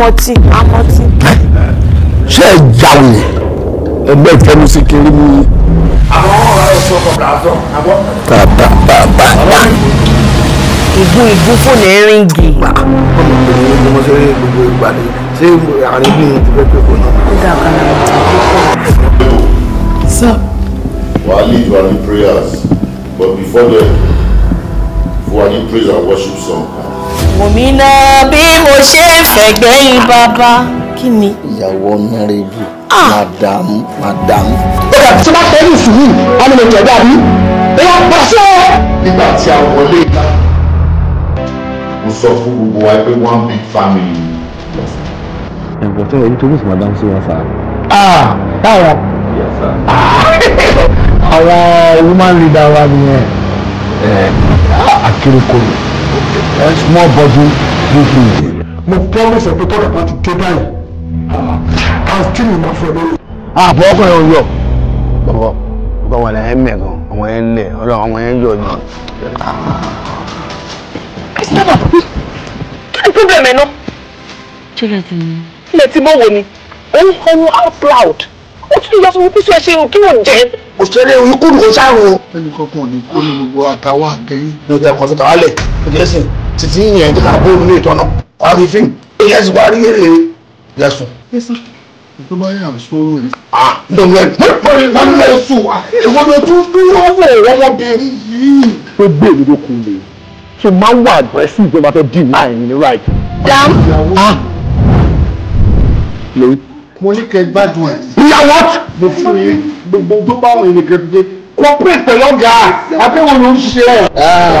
amọtí amọtí. ṣé ẹ jáwé ẹgbẹ́ ìfẹ́nu sí kiri mú yín. àwọn ọmọ rẹ sọ kọ̀ọ̀kan àtọ̀ àbọ̀. bàbá bàbá bàbá. ìgún ìgún fóònù ẹ̀ríngì. ọmọ mi ò ní mo ṣe rí gbogbo ìgbà ni ṣé àárín bí ti fẹ́ pé kò ní. ó dà kan náà ti pé kò. sir. wàá lead wàá ní prayers but before then wàá ní praise and worship song. Mùmínà bí mo ṣe ń fẹ̀gbẹ́yìn bàbá. Kí ni? Ìyàwó ọ̀nàrẹ́bù. Ah! Màdàmú màdàmú. Bọ́dà tí wọ́n fẹ́ ní ìsìnkú, a ní mo jẹ̀ dàbí. Ìyá pàṣẹ. Nígbà tí a wọlé ìta, mo sọ fún gbogbo wa pé one big family. Ẹ̀gbọ́n tó yẹ kí Tóbi sì máa dáhùn sí wọn sáà. Ah! Báwo? Yes Àwọn woman leader wa nìyẹn. Eh, Akérèkọ́lù small body movement. mo promise ẹ pé tọ́lá bá ti dé báyìí and still you ma fẹ́ lórí. Ah, àbọ̀ ọkọ yẹn ò yọ bọ̀bọ̀ ọkọ wọn là ń mẹ̀ gan ọmọ yẹn ń lẹ̀ ọlọ́run ọmọ yẹn ń yọ jù. Christopher kí ni problem ẹ náà. chile ti ní. ilé tí mo wò ni òun òun out loud ó tún yọ sọ wípé sọ ẹ ṣe òkè òjẹ́ kò ṣeré ikú kò ṣàrùn. ẹnì kankan ò kó ní gbogbo àtàwọn àtẹyìn. ní ọjà kan sọta wálẹ̀ ìjẹsìn títí yẹn tó máa bó nínú ìtọ́nà wàá fi fíìmù èyí ẹ̀sìn wàá rí èrè yẹsùn. tó bá yà sóró rẹ. ǹdọ̀gbẹ́ pípọ̀ ìlànà tó gbé mi wà aggressive tó fẹ́ dì náà ní right. dam. lórí. mo ní kẹ́ gbádùn ẹ̀. ìyàwó. mo fún yín gbogbo tó bá wọn ẹnì kan dé corporate pẹ̀lú ọ̀gá àpéwọ̀n ló ń ṣe. Ah,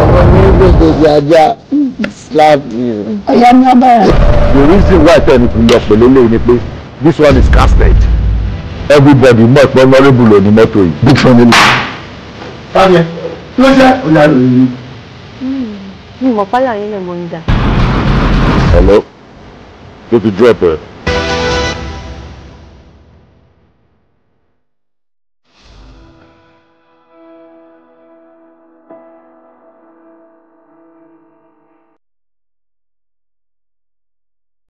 ọmọ mi ń gbèsè sí ajá slap me. ọ̀yá mi abára. the reason why tẹ́ni fi lọ pẹ̀lú eléyìí ni pé this one is casted everybody mọ̀ pé honourable ló ní mọ́tò yìí. big fan ni. ló jẹ́ ọ̀yà rẹ̀ yìí. mi ò mọ̀ pálí àyẹ̀lẹ̀ mọ̀ ń hello ló ti drop ẹ̀. Eh?